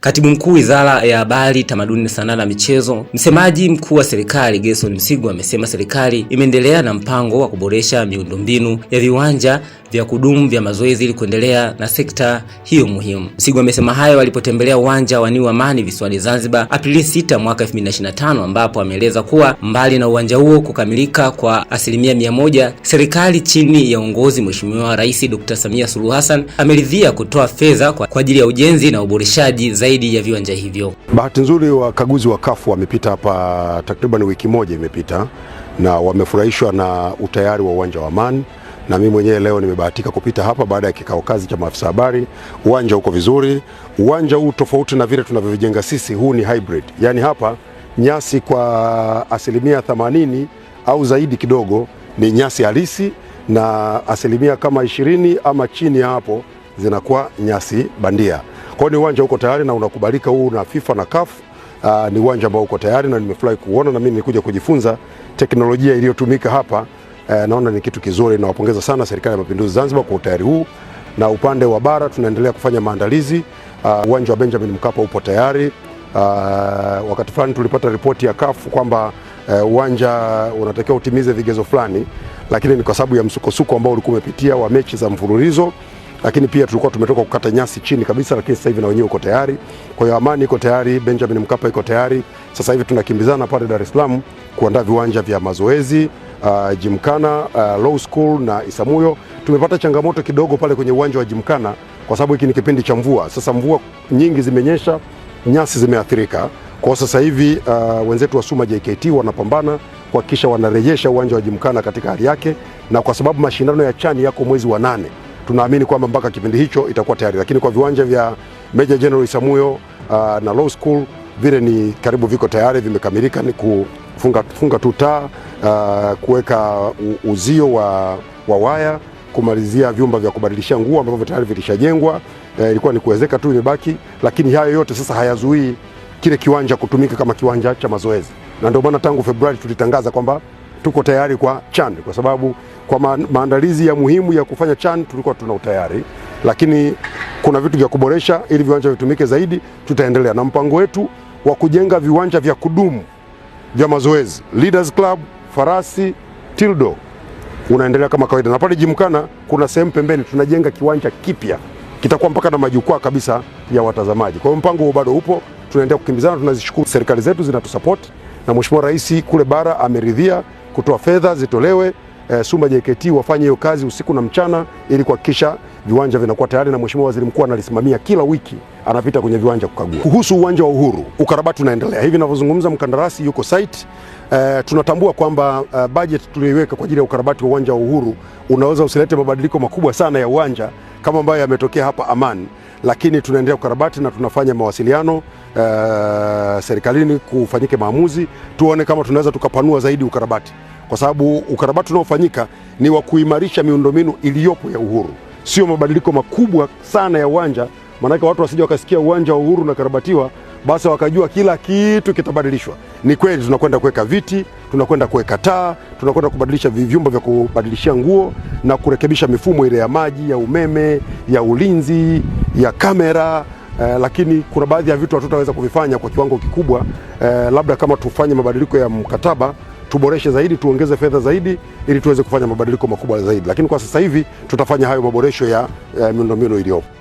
Katibu mkuu wizara ya habari, tamaduni, sanaa na michezo, msemaji mkuu wa serikali Gerson Msigwa amesema serikali imeendelea na mpango wa kuboresha miundombinu ya viwanja vya kudumu vya mazoezi ili kuendelea na sekta hiyo muhimu. msigu amesema hayo alipotembelea uwanja wa New Amani visiwani Zanzibar Aprili 6 mwaka 2025, ambapo ameeleza kuwa mbali na uwanja huo kukamilika kwa asilimia mia moja, serikali chini ya uongozi Mheshimiwa Rais Dr. Samia Suluhu Hassan ameridhia kutoa fedha kwa ajili ya ujenzi na uboreshaji zaidi ya viwanja hivyo. Bahati nzuri wakaguzi wa kafu wamepita hapa takriban wiki moja imepita na wamefurahishwa na utayari wa uwanja wa Amani na mimi mwenyewe leo nimebahatika kupita hapa baada ya kikao kazi cha maafisa habari. Uwanja uko vizuri. Uwanja huu tofauti na vile tunavyovijenga sisi, huu ni hybrid, yaani hapa nyasi kwa asilimia themanini au zaidi kidogo ni nyasi halisi na asilimia kama ishirini ama chini ya hapo zinakuwa nyasi bandia. Kwa hiyo ni uwanja uko tayari na unakubalika huu na FIFA na CAF. Uh, ni uwanja ambao uko tayari na nimefurahi kuona na mimi nilikuja kujifunza teknolojia iliyotumika hapa eh, naona ni kitu kizuri. Nawapongeza sana Serikali ya Mapinduzi Zanzibar kwa utayari huu, na upande wa bara tunaendelea kufanya maandalizi. Ah, uwanja uh, wa Benjamin Mkapa upo tayari. Uh, wakati fulani tulipata ripoti ya kafu kwamba eh, uwanja uh, unatakiwa utimize vigezo fulani, lakini ni kwa sababu ya msukosuko ambao ulikuwa umepitia wa mechi za mfululizo lakini pia tulikuwa tumetoka kukata nyasi chini kabisa, lakini sasa hivi na wenyewe uko tayari. Kwa hiyo Amani iko tayari, Benjamin Mkapa iko tayari. Sasa hivi tunakimbizana pale Dar es Salaam kuandaa viwanja vya mazoezi uh, Jimkana uh, Low School na Isamuyo. Tumepata changamoto kidogo pale kwenye uwanja wa Jimkana kwa sababu hiki ni kipindi cha mvua. Sasa mvua nyingi zimenyesha, nyasi zimeathirika. Kwa sasa hivi uh, wenzetu wa Suma JKT wanapambana kuhakikisha wanarejesha uwanja wa Jimkana katika hali yake, na kwa sababu mashindano ya chani yako mwezi wa nane, tunaamini kwamba mpaka kipindi hicho itakuwa tayari, lakini kwa viwanja vya Major General Isamuyo uh, na Low School vile ni karibu viko tayari, vimekamilika, ni kufunga funga tu taa uh, kuweka uzio wa, wa waya kumalizia vyumba vya kubadilishia nguo ambavyo tayari vilishajengwa. Uh, ilikuwa ni kuwezeka tu imebaki, lakini hayo yote sasa hayazuii kile kiwanja kutumika kama kiwanja cha mazoezi, na ndio maana tangu Februari tulitangaza kwamba tuko tayari kwa CHAN kwa sababu kwa ma maandalizi ya muhimu ya kufanya CHAN tulikuwa tuna utayari, lakini kuna vitu vya kuboresha ili viwanja vitumike zaidi. Tutaendelea na mpango wetu wa kujenga viwanja vya kudumu vya mazoezi Leaders Club farasi tildo unaendelea kama kawaida, na pale Jimkana kuna sehemu pembeni tunajenga kiwanja kipya, kitakuwa mpaka na majukwaa kabisa ya watazamaji. Kwa hiyo mpango huo bado upo, tunaendelea kukimbizana. Tunazishukuru serikali zetu zinatusapoti, na Mheshimiwa Rais kule bara ameridhia kutoa fedha zitolewe eh, SUMBA JKT wafanye hiyo kazi usiku na mchana ili kuhakikisha viwanja vinakuwa tayari, na Mheshimiwa Waziri Mkuu analisimamia kila wiki, anapita kwenye viwanja kukagua. Kuhusu uwanja wa Uhuru, ukarabati unaendelea hivi ninavyozungumza, mkandarasi yuko site. Eh, tunatambua kwamba eh, budget tuliyoiweka kwa ajili ya ukarabati wa uwanja wa Uhuru unaweza usilete mabadiliko makubwa sana ya uwanja kama ambayo yametokea hapa Amani, lakini tunaendelea kukarabati na tunafanya mawasiliano uh, serikalini kufanyike maamuzi tuone kama tunaweza tukapanua zaidi ukarabati kwa sababu ukarabati unaofanyika ni wa kuimarisha miundombinu iliyopo ya Uhuru, sio mabadiliko makubwa sana ya uwanja, maanake watu wasije wakasikia uwanja wa Uhuru unakarabatiwa basi wakajua kila kitu kitabadilishwa. Ni kweli tunakwenda kuweka viti, tunakwenda kuweka taa, tunakwenda kubadilisha vyumba vya kubadilishia nguo na kurekebisha mifumo ile ya maji, ya umeme, ya ulinzi, ya kamera eh, lakini kuna baadhi ya vitu hatutaweza kuvifanya kwa kiwango kikubwa eh, labda kama tufanye mabadiliko ya mkataba tuboreshe zaidi, tuongeze fedha zaidi ili tuweze kufanya mabadiliko makubwa zaidi, lakini kwa sasa hivi tutafanya hayo maboresho ya, ya eh, miundombinu iliyopo.